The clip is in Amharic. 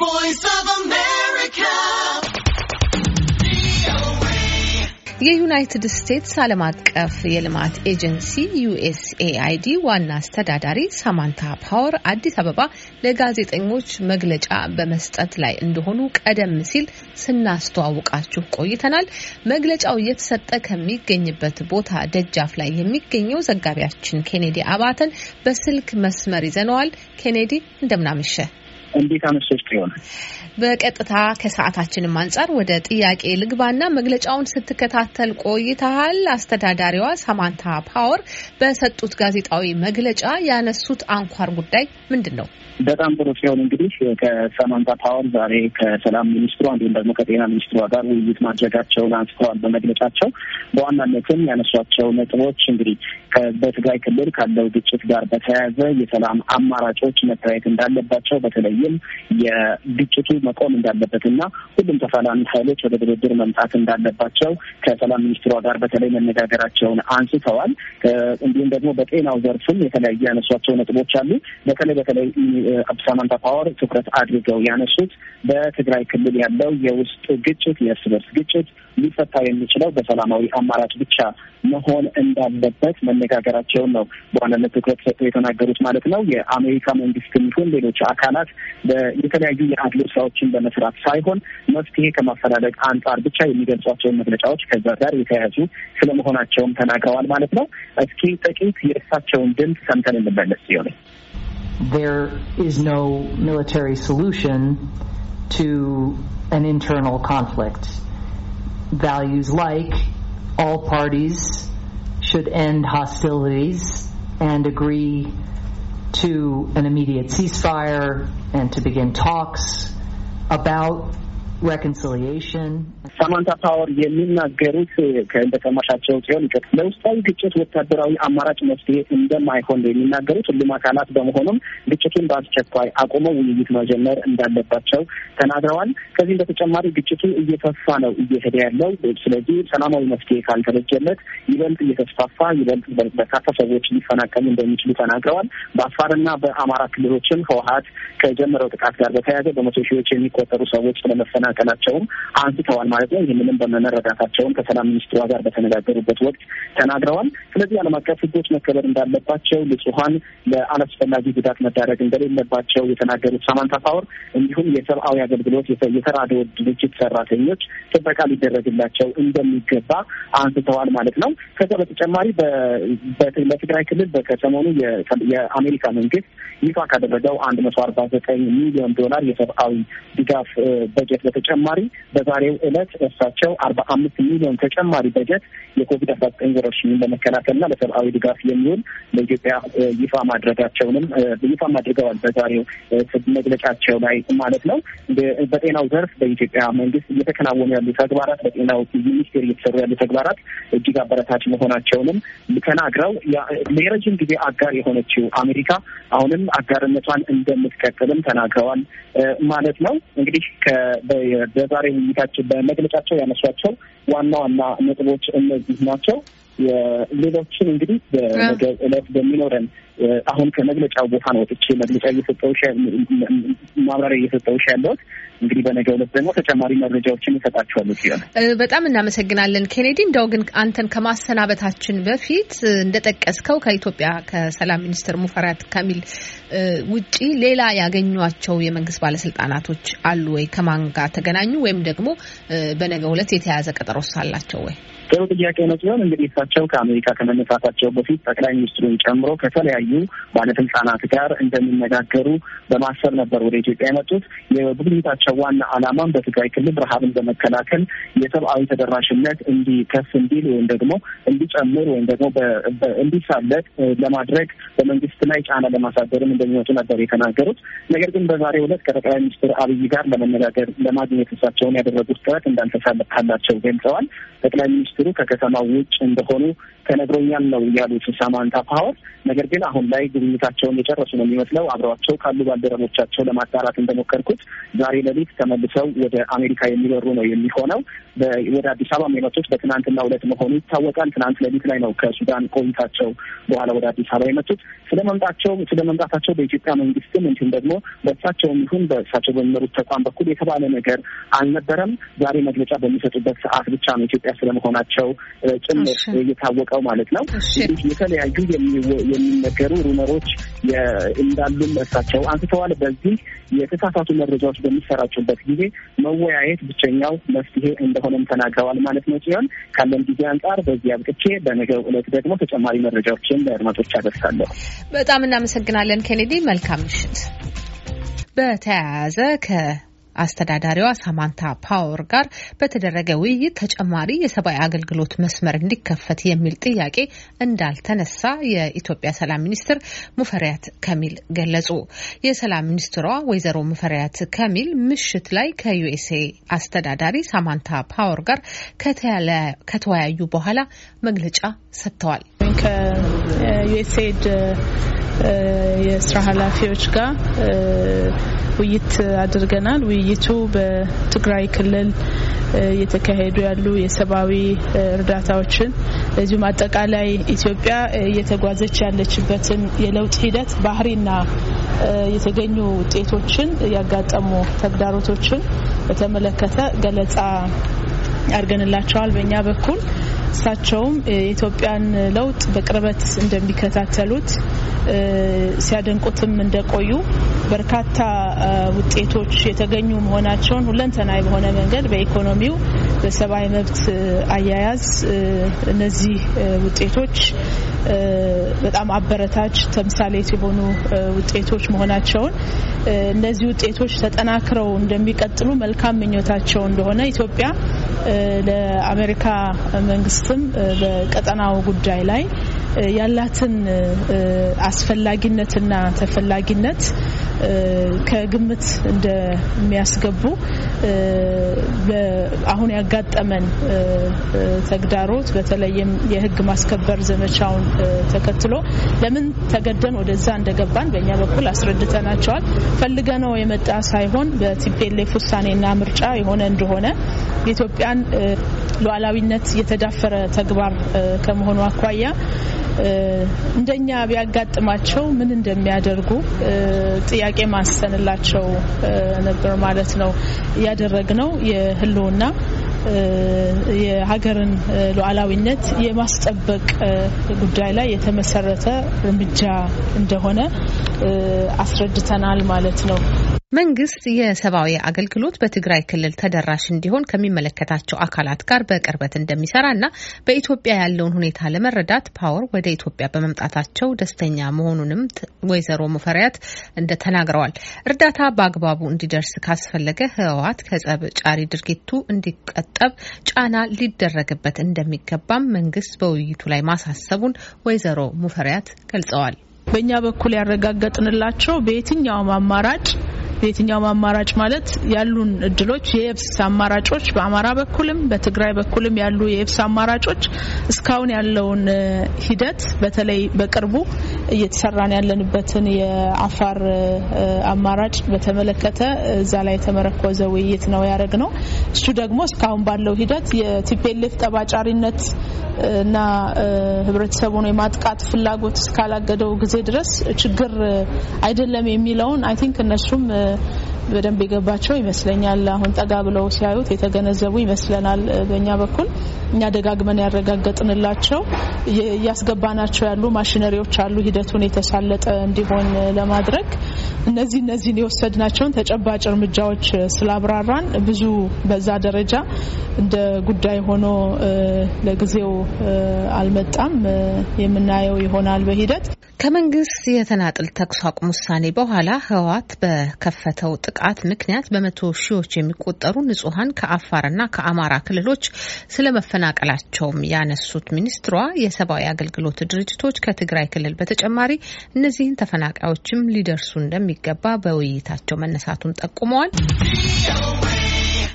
voice of America. የዩናይትድ ስቴትስ ዓለም አቀፍ የልማት ኤጀንሲ ዩኤስኤአይዲ ዋና አስተዳዳሪ ሳማንታ ፓወር አዲስ አበባ ለጋዜጠኞች መግለጫ በመስጠት ላይ እንደሆኑ ቀደም ሲል ስናስተዋውቃችሁ ቆይተናል። መግለጫው እየተሰጠ ከሚገኝበት ቦታ ደጃፍ ላይ የሚገኘው ዘጋቢያችን ኬኔዲ አባተን በስልክ መስመር ይዘነዋል። ኬኔዲ እንደምናመሸ እንዴት አመሶች ይሆናል። በቀጥታ ከሰዓታችንም አንጻር ወደ ጥያቄ ልግባና መግለጫውን ስትከታተል ቆይተሃል። አስተዳዳሪዋ ሳማንታ ፓወር በሰጡት ጋዜጣዊ መግለጫ ያነሱት አንኳር ጉዳይ ምንድን ነው? በጣም ጥሩ ሲሆን እንግዲህ ከሳማንታ ፓወር ዛሬ ከሰላም ሚኒስትሩ እንዲሁም ደግሞ ከጤና ሚኒስትሯ ጋር ውይይት ማድረጋቸውን አንስተዋል። በመግለጫቸው በዋናነትም ያነሷቸው ነጥቦች እንግዲህ በትግራይ ክልል ካለው ግጭት ጋር በተያያዘ የሰላም አማራጮች መታየት እንዳለባቸው በተለይም የግጭቱ መቆም እንዳለበትና ሁሉም ተፋላሚ ኃይሎች ወደ ድርድር መምጣት እንዳለባቸው ከሰላም ሚኒስትሯ ጋር በተለይ መነጋገራቸውን አንስተዋል። እንዲሁም ደግሞ በጤናው ዘርፍም የተለያዩ ያነሷቸው ነጥቦች አሉ። በተለይ በተለይ ሳማንታ ፓወር ትኩረት አድርገው ያነሱት በትግራይ ክልል ያለው የውስጥ ግጭት፣ የእርስ በርስ ግጭት ሊፈታ የሚችለው በሰላማዊ አማራጭ ብቻ መሆን እንዳለበት መነጋገራቸውን ነው በዋናነት ትኩረት ሰጥተው የተናገሩት ማለት ነው። የአሜሪካ መንግስት የሚሆን ሌሎች አካላት የተለያዩ የአድሎ ስራዎችን በመስራት ሳይሆን መፍትሄ ከማፈላለግ አንጻር ብቻ የሚገልጿቸውን መግለጫዎች ከዛ ጋር የተያያዙ ስለመሆናቸውም ተናግረዋል ማለት ነው። እስኪ ጥቂት የእሳቸውን ድምፅ ሰምተን እንመለስ ይሆናል። There is no military solution to an internal conflict. Values like all parties should end hostilities and agree to an immediate ceasefire and to begin talks about ሳማንታ ፓወር የሚናገሩት ከንደቀማሻቸው ሲሆን ለውስጣዊ ግጭት ወታደራዊ አማራጭ መፍትሄ እንደማይሆን የሚናገሩት ሁሉም አካላት በመሆኑም ግጭቱን በአስቸኳይ አቁመው ውይይት መጀመር እንዳለባቸው ተናግረዋል። ከዚህም በተጨማሪ ግጭቱ እየተፋ ነው እየሄደ ያለው ስለዚህ ሰላማዊ መፍትሄ ካልተበጀለት ይበልጥ እየተስፋፋ ይበልጥ በርካታ ሰዎች ሊፈናቀሉ እንደሚችሉ ተናግረዋል። በአፋርና በአማራ ክልሎችም ህወሀት ከጀመረው ጥቃት ጋር በተያያዘ በመቶ ሺዎች የሚቆጠሩ ሰዎች ስለመፈና መፈናቀላቸውም አንስተዋል ማለት ነው። ይህንንም በመመረዳታቸውም ከሰላም ሚኒስትሯ ጋር በተነጋገሩበት ወቅት ተናግረዋል። ስለዚህ ዓለም አቀፍ ሕጎች መከበር እንዳለባቸው፣ ንጹሀን ለአላስፈላጊ ጉዳት መዳረግ እንደሌለባቸው የተናገሩት ሳማንታ ፓወር እንዲሁም የሰብአዊ አገልግሎት የተራድኦ ድርጅት ሰራተኞች ጥበቃ ሊደረግላቸው እንደሚገባ አንስተዋል ማለት ነው። ከዛ በተጨማሪ በትግራይ ክልል ከሰሞኑ የአሜሪካ መንግስት ይፋ ካደረገው አንድ መቶ አርባ ዘጠኝ ሚሊዮን ዶላር የሰብአዊ ድጋፍ በጀት በተጨማሪ በዛሬው ዕለት እሳቸው አርባ አምስት ሚሊዮን ተጨማሪ በጀት የኮቪድ አስራ ዘጠኝ ወረርሽኝን ለመከላከልና ለሰብአዊ ድጋፍ የሚውል ለኢትዮጵያ ይፋ ማድረጋቸውንም ይፋ ማድርገዋል በዛሬው መግለጫቸው ላይ ማለት ነው። በጤናው ዘርፍ በኢትዮጵያ መንግስት እየተከናወኑ ያሉ ተግባራት በጤናው ሚኒስቴር እየተሰሩ ያሉ ተግባራት እጅግ አበረታች መሆናቸውንም ተናግረው ለረጅም ጊዜ አጋር የሆነችው አሜሪካ አሁንም አጋርነቷን እንደምትቀጥልም ተናግረዋል ማለት ነው። እንግዲህ በዛሬ ውይይታችን በመግለጫቸው ያነሷቸው ዋና ዋና ነጥቦች እነዚህ ናቸው። ሌሎችን እንግዲህ በነገ ዕለት በሚኖረን አሁን ከመግለጫው ቦታ ነው ወጥቼ መግለጫ እየሰጠውሽ ማብራሪያ እየሰጠውሽ ያለሁት እንግዲህ በነገ ዕለት ደግሞ ተጨማሪ መረጃዎችን እሰጣችኋለሁ። ሲሆን በጣም እናመሰግናለን ኬኔዲ። እንደው ግን አንተን ከማሰናበታችን በፊት እንደጠቀስከው ከኢትዮጵያ ከሰላም ሚኒስትር ሙፈሪያት ካሚል ውጪ ሌላ ያገኟቸው የመንግስት ባለስልጣናቶች አሉ ወይ? ከማን ጋር ተገናኙ? ወይም ደግሞ በነገ ዕለት የተያያዘ ቀጠሮ ሳላቸው ወይ? ጥሩ ጥያቄ ነው ሲሆን እንግዲህ እሳቸው ከአሜሪካ ከመነሳታቸው በፊት ጠቅላይ ሚኒስትሩን ጨምሮ ከተለያዩ ባለስልጣናት ጋር እንደሚነጋገሩ በማሰብ ነበር ወደ ኢትዮጵያ የመጡት። የጉብኝታቸው ዋና ዓላማም በትግራይ ክልል ረሃብን በመከላከል የሰብአዊ ተደራሽነት እንዲከፍ እንዲል ወይም ደግሞ እንዲጨምር ወይም ደግሞ እንዲሳለጥ ለማድረግ በመንግስት ላይ ጫና ለማሳደርም እንደሚመጡ ነበር የተናገሩት። ነገር ግን በዛሬው ዕለት ከጠቅላይ ሚኒስትር አብይ ጋር ለመነጋገር ለማግኘት እሳቸውን ያደረጉት ጥረት እንዳልተሳካላቸው ገልጸዋል። ጠቅላይ ሚኒስትሩ ሚኒስትሩ ከከተማው ውጭ እንደሆኑ ተነግሮኛል ነው ያሉት ሳማንታ ፓወር። ነገር ግን አሁን ላይ ጉብኝታቸውን የጨረሱ ነው የሚመስለው። አብረዋቸው ካሉ ባልደረቦቻቸው ለማጣራት እንደሞከርኩት ዛሬ ሌሊት ተመልሰው ወደ አሜሪካ የሚበሩ ነው የሚሆነው። ወደ አዲስ አበባ የመጡት በትናንትና ሁለት መሆኑ ይታወቃል። ትናንት ሌሊት ላይ ነው ከሱዳን ቆይታቸው በኋላ ወደ አዲስ አበባ የመጡት። ስለመምጣቸው መምጣታቸው በኢትዮጵያ መንግስትም እንዲሁም ደግሞ በእሳቸውም ይሁን በእሳቸው በሚመሩት ተቋም በኩል የተባለ ነገር አልነበረም። ዛሬ መግለጫ በሚሰጡበት ሰዓት ብቻ ነው ኢትዮጵያ ስለመሆናቸው መሆናቸው ጭምር እየታወቀው ማለት ነው። የተለያዩ የሚነገሩ ሩመሮች እንዳሉም እሳቸው አንስተዋል። በዚህ የተሳሳቱ መረጃዎች በሚሰራጩበት ጊዜ መወያየት ብቸኛው መፍትሄ እንደሆነም ተናግረዋል ማለት ነው። ሲሆን ካለን ጊዜ አንጻር በዚህ አብቅቼ በነገው ዕለት ደግሞ ተጨማሪ መረጃዎችን ለአድማጮች አደርሳለሁ። በጣም እናመሰግናለን ኬኔዲ። መልካም ምሽት። በተያያዘ ከ አስተዳዳሪዋ ሳማንታ ፓወር ጋር በተደረገ ውይይት ተጨማሪ የሰብአዊ አገልግሎት መስመር እንዲከፈት የሚል ጥያቄ እንዳልተነሳ የኢትዮጵያ ሰላም ሚኒስትር ሙፈሪያት ከሚል ገለጹ። የሰላም ሚኒስትሯ ወይዘሮ ሙፈሪያት ከሚል ምሽት ላይ ከዩኤስኤ አስተዳዳሪ ሳማንታ ፓወር ጋር ከተወያዩ በኋላ መግለጫ ሰጥተዋል። ከዩኤስኤድ የስራ ኃላፊዎች ጋር ውይይት አድርገናል። ውይይቱ በትግራይ ክልል እየተካሄዱ ያሉ የሰብአዊ እርዳታዎችን እዚሁም አጠቃላይ ኢትዮጵያ እየተጓዘች ያለችበትን የለውጥ ሂደት ባህሪና የተገኙ ውጤቶችን ያጋጠሙ ተግዳሮቶችን በተመለከተ ገለጻ አድርገንላቸዋል። በእኛ በኩል እሳቸውም የኢትዮጵያን ለውጥ በቅርበት እንደሚከታተሉት ሲያደንቁትም እንደቆዩ በርካታ ውጤቶች የተገኙ መሆናቸውን ሁለንተናዊ በሆነ መንገድ በኢኮኖሚው በሰብአዊ መብት አያያዝ እነዚህ ውጤቶች በጣም አበረታች ተምሳሌት የሆኑ ውጤቶች መሆናቸውን እነዚህ ውጤቶች ተጠናክረው እንደሚቀጥሉ መልካም ምኞታቸው እንደሆነ ኢትዮጵያ ለአሜሪካ መንግስትም በቀጠናው ጉዳይ ላይ ያላትን አስፈላጊነትና ተፈላጊነት ከግምት እንደሚያስገቡ አሁን ያጋጠመን ተግዳሮት በተለይም የህግ ማስከበር ዘመቻውን ተከትሎ ለምን ተገደን ወደዛ እንደገባን በእኛ በኩል አስረድተናቸዋል። ፈልገነው የመጣ ሳይሆን በቲፒኤልኤፍ ውሳኔና ምርጫ የሆነ እንደሆነ የኢትዮጵያን ሉዓላዊነት የተዳፈረ ተግባር ከመሆኑ አኳያ እንደኛ ቢያጋጥማቸው ምን እንደሚያደርጉ ጥያቄ ማንስተንላቸው ነበር ማለት ነው። ያደረግነው የህልውና የሀገርን ሉዓላዊነት የማስጠበቅ ጉዳይ ላይ የተመሰረተ እርምጃ እንደሆነ አስረድተናል ማለት ነው። መንግስት የሰብአዊ አገልግሎት በትግራይ ክልል ተደራሽ እንዲሆን ከሚመለከታቸው አካላት ጋር በቅርበት እንደሚሰራ እና በኢትዮጵያ ያለውን ሁኔታ ለመረዳት ፓወር ወደ ኢትዮጵያ በመምጣታቸው ደስተኛ መሆኑንም ወይዘሮ ሙፈሪያት እንደተናግረዋል። እርዳታ በአግባቡ እንዲደርስ ካስፈለገ ህወሓት ከጸብ ጫሪ ድርጊቱ እንዲቀጠብ ጫና ሊደረግበት እንደሚገባም መንግስት በውይይቱ ላይ ማሳሰቡን ወይዘሮ ሙፈሪያት ገልጸዋል። በእኛ በኩል ያረጋገጥንላቸው በየትኛውም አማራጭ በየትኛውም አማራጭ ማለት ያሉን እድሎች የየብስ አማራጮች በአማራ በኩልም በትግራይ በኩልም ያሉ የየብስ አማራጮች እስካሁን ያለውን ሂደት በተለይ በቅርቡ እየተሰራን ያለንበትን የአፋር አማራጭ በተመለከተ እዛ ላይ የተመረኮዘ ውይይት ነው ያደረግ ነው። እሱ ደግሞ እስካሁን ባለው ሂደት የቲፒኤልኤፍ ጠባጫሪነት እና ህብረተሰቡን የማጥቃት ፍላጎት እስካላገደው ጊዜ ድረስ ችግር አይደለም የሚለውን አይ ቲንክ እነሱም በደንብ የገባቸው ይመስለኛል። አሁን ጠጋ ብለው ሲያዩት የተገነዘቡ ይመስለናል። በእኛ በኩል እኛ ደጋግመን ያረጋገጥንላቸው እያስገባናቸው ያሉ ማሽነሪዎች አሉ፣ ሂደቱን የተሳለጠ እንዲሆን ለማድረግ እነዚህ እነዚህን የወሰድናቸውን ተጨባጭ እርምጃዎች ስላብራራን ብዙ በዛ ደረጃ እንደ ጉዳይ ሆኖ ለጊዜው አልመጣም። የምናየው ይሆናል በሂደት ከመንግስት የተናጥል ተኩስ አቁም ውሳኔ በኋላ ህወሓት በከፈተው ጥቃት ምክንያት በመቶ ሺዎች የሚቆጠሩ ንጹሀን ከአፋርና ከአማራ ክልሎች ስለመፈናቀላቸውም ያነሱት ሚኒስትሯ የሰብአዊ አገልግሎት ድርጅቶች ከትግራይ ክልል በተጨማሪ እነዚህን ተፈናቃዮችም ሊደርሱ እንደሚገባ በውይይታቸው መነሳቱን ጠቁመዋል።